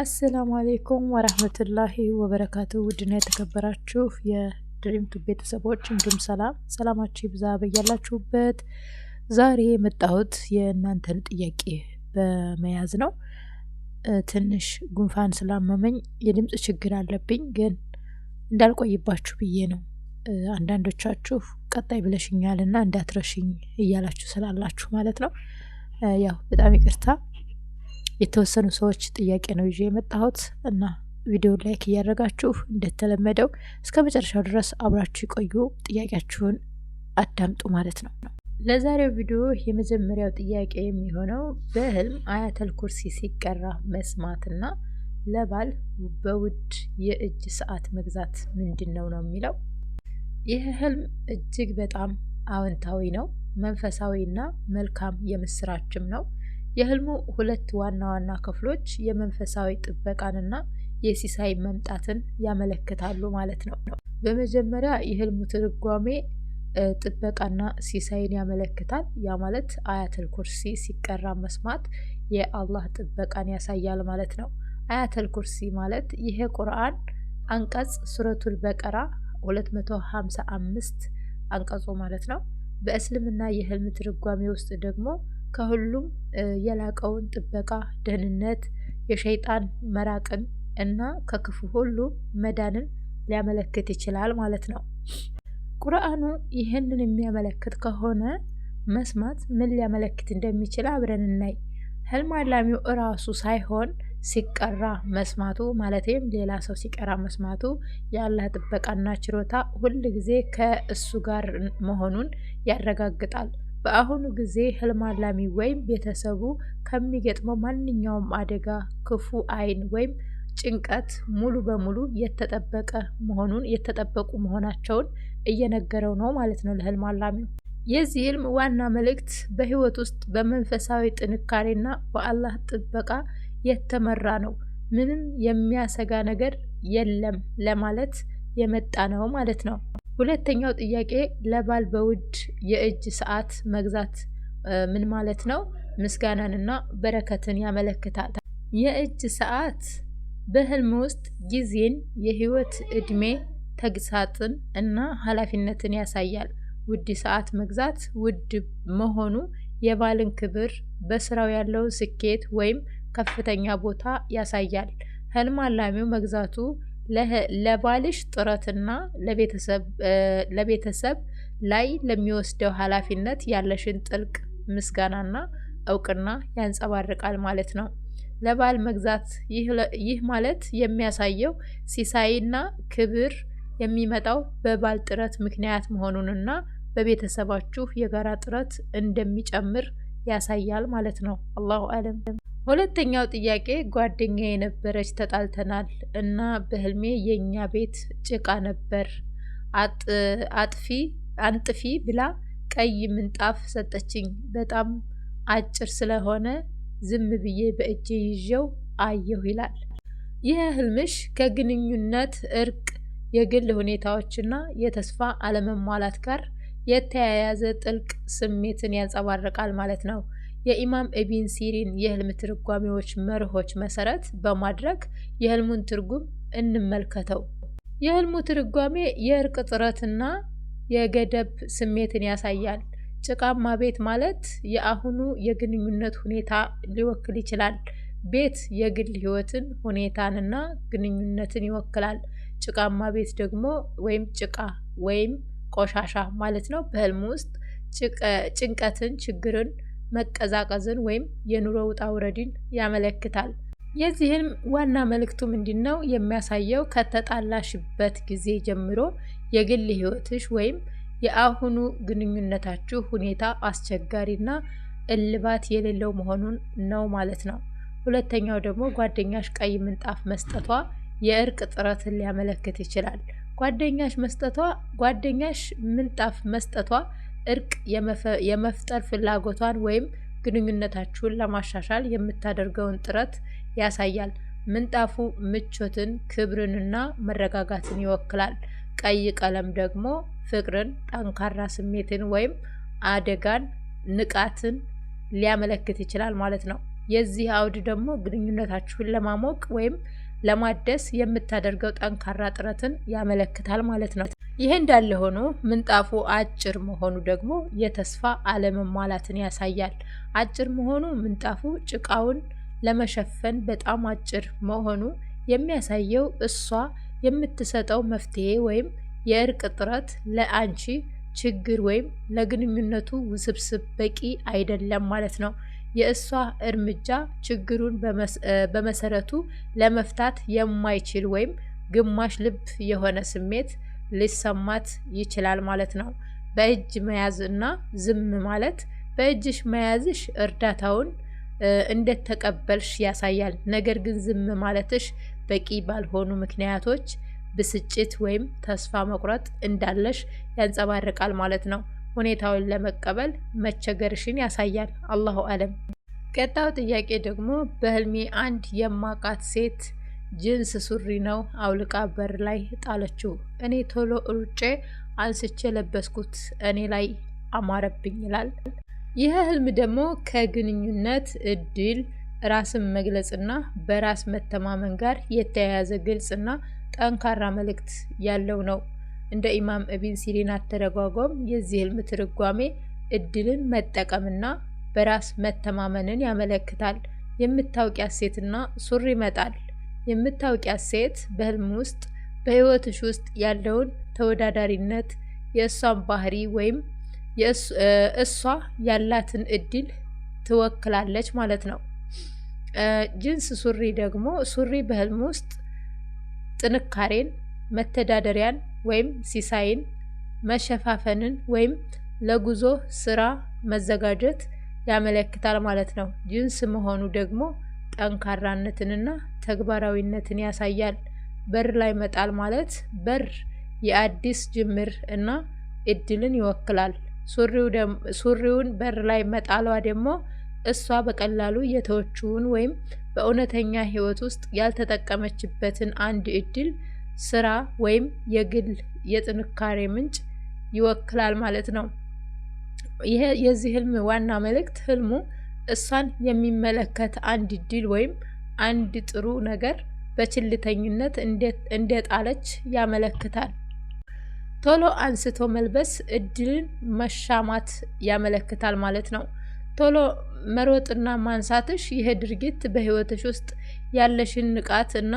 አሰላሙ አሌይኩም ወረህመቱላሂ ወበረካቱ። ውድና የተከበራችሁ የድሪምቱ ቤተሰቦች እንዲሁም ሰላም ሰላማችሁ ይብዛ በያላችሁበት። ዛሬ የመጣሁት የእናንተን ጥያቄ በመያዝ ነው። ትንሽ ጉንፋን ስላመመኝ የድምፅ ችግር አለብኝ፣ ግን እንዳልቆይባችሁ ብዬ ነው። አንዳንዶቻችሁ ቀጣይ ብለሽኛልና እንዳትረሽኝ እያላችሁ ስላላችሁ ማለት ነው። ያው በጣም ይቅርታ የተወሰኑ ሰዎች ጥያቄ ነው ይዤ የመጣሁት እና ቪዲዮ ላይክ እያደረጋችሁ እንደተለመደው እስከ መጨረሻው ድረስ አብራችሁ የቆዩ ጥያቄያችሁን አዳምጡ ማለት ነው። ለዛሬው ቪዲዮ የመጀመሪያው ጥያቄ የሚሆነው በህልም አያተል ኩርሲ ሲቀራ መስማትና ለባል በውድ የእጅ ሰዓት መግዛት ምንድን ነው ነው የሚለው ይህ ህልም እጅግ በጣም አዎንታዊ ነው። መንፈሳዊና መልካም የምስራችም ነው። የህልሙ ሁለት ዋና ዋና ክፍሎች የመንፈሳዊ ጥበቃንና የሲሳይ መምጣትን ያመለክታሉ ማለት ነው። በመጀመሪያ የህልሙ ትርጓሜ ጥበቃና ሲሳይን ያመለክታል። ያ ማለት አያተል ኩርሲ ሲቀራ መስማት የአላህ ጥበቃን ያሳያል ማለት ነው። አያተል ኩርሲ ማለት ይሄ ቁርአን አንቀጽ ሱረቱል በቀራ 255 አንቀጾ ማለት ነው። በእስልምና የህልም ትርጓሜ ውስጥ ደግሞ ከሁሉም የላቀውን ጥበቃ፣ ደህንነት፣ የሸይጣን መራቅን እና ከክፉ ሁሉ መዳንን ሊያመለክት ይችላል ማለት ነው። ቁርአኑ ይህንን የሚያመለክት ከሆነ መስማት ምን ሊያመለክት እንደሚችል አብረን እናይ። ህልም አላሚው እራሱ ሳይሆን ሲቀራ መስማቱ ማለትም ሌላ ሰው ሲቀራ መስማቱ የአላህ ጥበቃና ችሮታ ሁል ጊዜ ከእሱ ጋር መሆኑን ያረጋግጣል። በአሁኑ ጊዜ ህልም አላሚ ወይም ቤተሰቡ ከሚገጥመው ማንኛውም አደጋ፣ ክፉ አይን ወይም ጭንቀት ሙሉ በሙሉ የተጠበቀ መሆኑን የተጠበቁ መሆናቸውን እየነገረው ነው ማለት ነው ለህልም አላሚው። የዚህ ህልም ዋና መልእክት በህይወት ውስጥ በመንፈሳዊ ጥንካሬና በአላህ ጥበቃ የተመራ ነው፣ ምንም የሚያሰጋ ነገር የለም ለማለት የመጣ ነው ማለት ነው። ሁለተኛው ጥያቄ ለባል በውድ የእጅ ሰዓት መግዛት ምን ማለት ነው? ምስጋናንና በረከትን ያመለክታል። የእጅ ሰዓት በህልም ውስጥ ጊዜን፣ የህይወት እድሜ ተግሳጽን እና ኃላፊነትን ያሳያል። ውድ ሰዓት መግዛት ውድ መሆኑ የባልን ክብር፣ በስራው ያለውን ስኬት ወይም ከፍተኛ ቦታ ያሳያል። ህልም አላሚው መግዛቱ ለባልሽ ጥረትና ለቤተሰብ ላይ ለሚወስደው ኃላፊነት ያለሽን ጥልቅ ምስጋናና እውቅና ያንጸባርቃል ማለት ነው። ለባል መግዛት ይህ ማለት የሚያሳየው ሲሳይና ክብር የሚመጣው በባል ጥረት ምክንያት መሆኑንና በቤተሰባችሁ የጋራ ጥረት እንደሚጨምር ያሳያል ማለት ነው። አላሁ አለም ሁለተኛው ጥያቄ ጓደኛ የነበረች ተጣልተናል እና በህልሜ የእኛ ቤት ጭቃ ነበር አጥፊ አንጥፊ ብላ ቀይ ምንጣፍ ሰጠችኝ። በጣም አጭር ስለሆነ ዝም ብዬ በእጄ ይዤው አየሁ ይላል። ይህ ህልምሽ ከግንኙነት እርቅ፣ የግል ሁኔታዎችና የተስፋ አለመሟላት ጋር የተያያዘ ጥልቅ ስሜትን ያንጸባርቃል ማለት ነው። የኢማም ኢብን ሲሪን የህልም ትርጓሜዎች መርሆች መሰረት በማድረግ የህልሙን ትርጉም እንመልከተው። የህልሙ ትርጓሜ የእርቅ ጥረትና የገደብ ስሜትን ያሳያል። ጭቃማ ቤት ማለት የአሁኑ የግንኙነት ሁኔታ ሊወክል ይችላል። ቤት የግል ህይወትን ሁኔታንና ግንኙነትን ይወክላል። ጭቃማ ቤት ደግሞ ወይም ጭቃ ወይም ቆሻሻ ማለት ነው። በህልም ውስጥ ጭንቀትን፣ ችግርን መቀዛቀዝን ወይም የኑሮ ውጣ ውረድን ያመለክታል። የዚህም ዋና መልእክቱ ምንድን ነው የሚያሳየው? ከተጣላሽበት ጊዜ ጀምሮ የግል ህይወትሽ ወይም የአሁኑ ግንኙነታችሁ ሁኔታ አስቸጋሪና እልባት የሌለው መሆኑን ነው ማለት ነው። ሁለተኛው ደግሞ ጓደኛሽ ቀይ ምንጣፍ መስጠቷ የእርቅ ጥረትን ሊያመለክት ይችላል። ጓደኛሽ መስጠቷ ጓደኛሽ ምንጣፍ መስጠቷ እርቅ የመፍጠር ፍላጎቷን ወይም ግንኙነታችሁን ለማሻሻል የምታደርገውን ጥረት ያሳያል። ምንጣፉ ምቾትን፣ ክብርንና መረጋጋትን ይወክላል። ቀይ ቀለም ደግሞ ፍቅርን፣ ጠንካራ ስሜትን ወይም አደጋን፣ ንቃትን ሊያመለክት ይችላል ማለት ነው። የዚህ አውድ ደግሞ ግንኙነታችሁን ለማሞቅ ወይም ለማደስ የምታደርገው ጠንካራ ጥረትን ያመለክታል ማለት ነው። ይህ እንዳለ ሆኖ ምንጣፉ አጭር መሆኑ ደግሞ የተስፋ አለመሟላትን ያሳያል። አጭር መሆኑ ምንጣፉ ጭቃውን ለመሸፈን በጣም አጭር መሆኑ የሚያሳየው እሷ የምትሰጠው መፍትሄ ወይም የእርቅ ጥረት ለአንቺ ችግር ወይም ለግንኙነቱ ውስብስብ በቂ አይደለም ማለት ነው። የእሷ እርምጃ ችግሩን በመሰረቱ ለመፍታት የማይችል ወይም ግማሽ ልብ የሆነ ስሜት ሊሰማት ይችላል ማለት ነው። በእጅ መያዝ እና ዝም ማለት በእጅሽ መያዝሽ እርዳታውን እንደተቀበልሽ ያሳያል። ነገር ግን ዝም ማለትሽ በቂ ባልሆኑ ምክንያቶች ብስጭት ወይም ተስፋ መቁረጥ እንዳለሽ ያንጸባርቃል ማለት ነው። ሁኔታውን ለመቀበል መቸገርሽን ያሳያል። አላሁ አለም። ቀጣው ጥያቄ ደግሞ በህልሜ አንድ የማቃት ሴት ጅንስ ሱሪ ነው አውልቃ በር ላይ ጣለችው። እኔ ቶሎ ሩጬ አንስቼ ለበስኩት፣ እኔ ላይ አማረብኝ ይላል። ይህ ህልም ደግሞ ከግንኙነት እድል፣ ራስን መግለጽና በራስ መተማመን ጋር የተያያዘ ግልጽና ጠንካራ መልእክት ያለው ነው። እንደ ኢማም እቢን ሲሪን አተረጓጓም የዚህ ህልም ትርጓሜ እድልን መጠቀምና በራስ መተማመንን ያመለክታል። የምታውቂያት ሴትና ሱሪ ይመጣል። የምታውቂያት ሴት በህልም ውስጥ በህይወትሽ ውስጥ ያለውን ተወዳዳሪነት፣ የእሷን ባህሪ ወይም እሷ ያላትን እድል ትወክላለች ማለት ነው። ጅንስ ሱሪ ደግሞ ሱሪ በህልም ውስጥ ጥንካሬን፣ መተዳደሪያን ወይም ሲሳይን፣ መሸፋፈንን ወይም ለጉዞ ስራ መዘጋጀት ያመለክታል ማለት ነው። ጅንስ መሆኑ ደግሞ ጠንካራነትንና ተግባራዊነትን ያሳያል። በር ላይ መጣል ማለት በር የአዲስ ጅምር እና እድልን ይወክላል። ሱሪውን በር ላይ መጣሏ ደግሞ እሷ በቀላሉ የተወችውን ወይም በእውነተኛ ህይወት ውስጥ ያልተጠቀመችበትን አንድ እድል ስራ ወይም የግል የጥንካሬ ምንጭ ይወክላል ማለት ነው። ይህ የዚህ ህልም ዋና መልእክት ህልሙ እሷን የሚመለከት አንድ ድል ወይም አንድ ጥሩ ነገር በችልተኝነት እንደጣለች ያመለክታል። ቶሎ አንስቶ መልበስ እድልን መሻማት ያመለክታል ማለት ነው። ቶሎ መሮጥና ማንሳትሽ ይሄ ድርጊት በህይወትሽ ውስጥ ያለሽን ንቃት እና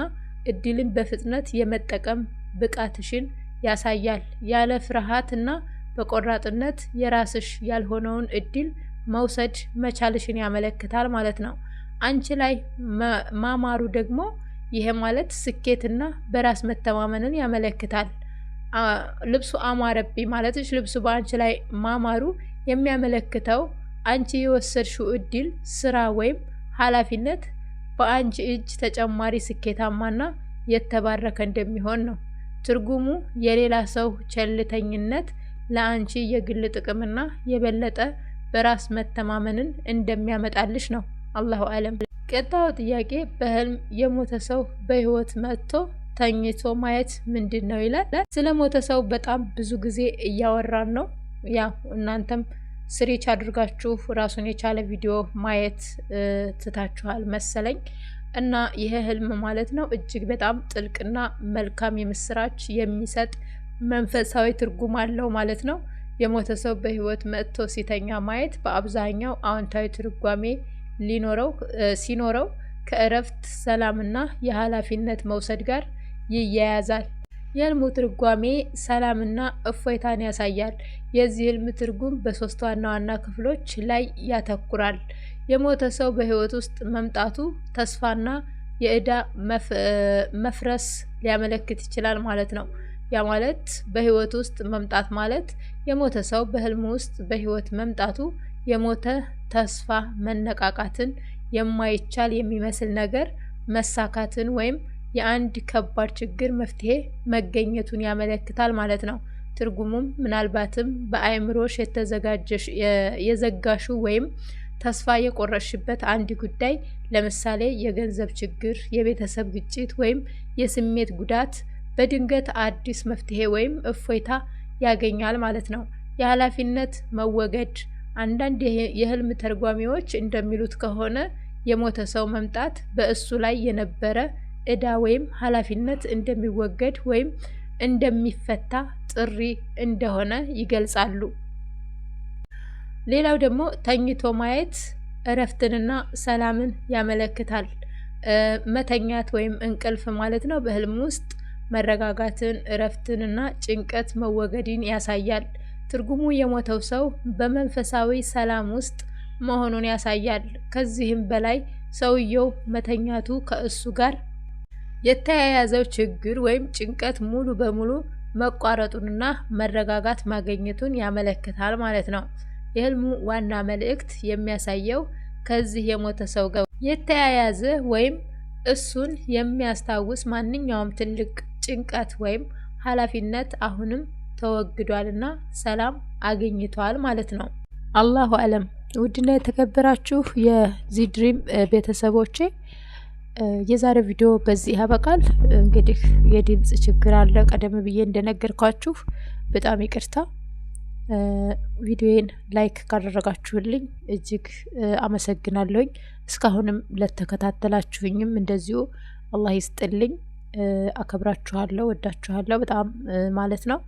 እድልን በፍጥነት የመጠቀም ብቃትሽን ያሳያል። ያለ ፍርሃት እና በቆራጥነት የራስሽ ያልሆነውን እድል መውሰድ መቻልሽን ያመለክታል ማለት ነው። አንቺ ላይ ማማሩ ደግሞ ይሄ ማለት ስኬትና በራስ መተማመንን ያመለክታል። ልብሱ አማረቢ ማለትሽ ልብሱ በአንቺ ላይ ማማሩ የሚያመለክተው አንቺ የወሰድሽው እድል፣ ስራ ወይም ኃላፊነት በአንቺ እጅ ተጨማሪ ስኬታማና የተባረከ እንደሚሆን ነው። ትርጉሙ የሌላ ሰው ቸልተኝነት ለአንቺ የግል ጥቅምና የበለጠ በራስ መተማመንን እንደሚያመጣልሽ ነው። አላሁ አለም። ቀጣዩ ጥያቄ በህልም የሞተ ሰው በህይወት መጥቶ ተኝቶ ማየት ምንድን ነው ይላል። ስለ ሞተ ሰው በጣም ብዙ ጊዜ እያወራን ነው። ያ እናንተም ስሬች አድርጋችሁ ራሱን የቻለ ቪዲዮ ማየት ትታችኋል መሰለኝ። እና ይህ ህልም ማለት ነው እጅግ በጣም ጥልቅና መልካም የምስራች የሚሰጥ መንፈሳዊ ትርጉም አለው ማለት ነው። የሞተ ሰው በህይወት መጥቶ ሲተኛ ማየት በአብዛኛው አዎንታዊ ትርጓሜ ሊኖረው ሲኖረው ከእረፍት ሰላምና የኃላፊነት መውሰድ ጋር ይያያዛል። የህልሙ ትርጓሜ ሰላምና እፎይታን ያሳያል። የዚህ ህልም ትርጉም በሶስት ዋና ዋና ክፍሎች ላይ ያተኩራል። የሞተ ሰው በህይወት ውስጥ መምጣቱ ተስፋና የእዳ መፍረስ ሊያመለክት ይችላል ማለት ነው። ያ ማለት በህይወት ውስጥ መምጣት ማለት የሞተ ሰው በህልም ውስጥ በህይወት መምጣቱ የሞተ ተስፋ መነቃቃትን፣ የማይቻል የሚመስል ነገር መሳካትን ወይም የአንድ ከባድ ችግር መፍትሄ መገኘቱን ያመለክታል ማለት ነው። ትርጉሙም ምናልባትም በአእምሮሽ የዘጋሹ ወይም ተስፋ የቆረሽበት አንድ ጉዳይ ለምሳሌ የገንዘብ ችግር፣ የቤተሰብ ግጭት ወይም የስሜት ጉዳት በድንገት አዲስ መፍትሄ ወይም እፎይታ ያገኛል ማለት ነው። የኃላፊነት መወገድ አንዳንድ የህልም ተርጓሚዎች እንደሚሉት ከሆነ የሞተ ሰው መምጣት በእሱ ላይ የነበረ እዳ ወይም ኃላፊነት እንደሚወገድ ወይም እንደሚፈታ ጥሪ እንደሆነ ይገልጻሉ። ሌላው ደግሞ ተኝቶ ማየት እረፍትንና ሰላምን ያመለክታል። መተኛት ወይም እንቅልፍ ማለት ነው። በህልም ውስጥ መረጋጋትን፣ እረፍትንና ጭንቀት መወገድን ያሳያል። ትርጉሙ የሞተው ሰው በመንፈሳዊ ሰላም ውስጥ መሆኑን ያሳያል። ከዚህም በላይ ሰውየው መተኛቱ ከእሱ ጋር የተያያዘው ችግር ወይም ጭንቀት ሙሉ በሙሉ መቋረጡንና መረጋጋት ማግኘቱን ያመለክታል ማለት ነው። የህልሙ ዋና መልእክት የሚያሳየው ከዚህ የሞተ ሰው ጋር የተያያዘ ወይም እሱን የሚያስታውስ ማንኛውም ትልቅ ጭንቀት ወይም ኃላፊነት አሁንም ተወግዷልና ሰላም አግኝቷል ማለት ነው። አላሁ አለም። ውድና የተከበራችሁ የዚህ ድሪም ቤተሰቦቼ የዛሬው ቪዲዮ በዚህ ያበቃል። እንግዲህ የድምፅ ችግር አለ፣ ቀደም ብዬ እንደነገርኳችሁ በጣም ይቅርታ። ቪዲዮዬን ላይክ ካደረጋችሁልኝ እጅግ አመሰግናለሁኝ። እስካሁንም ለተከታተላችሁኝም እንደዚሁ አላህ ይስጥልኝ። አከብራችኋለሁ፣ ወዳችኋለሁ በጣም ማለት ነው።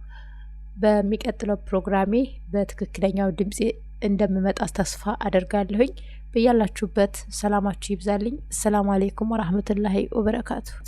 በሚቀጥለው ፕሮግራሜ በትክክለኛው ድምፄ እንደምመጣ ተስፋ አደርጋለሁኝ። በያላችሁበት ሰላማችሁ ይብዛልኝ። ሰላም አሌይኩም ወራህመቱላሂ ወበረካቱ።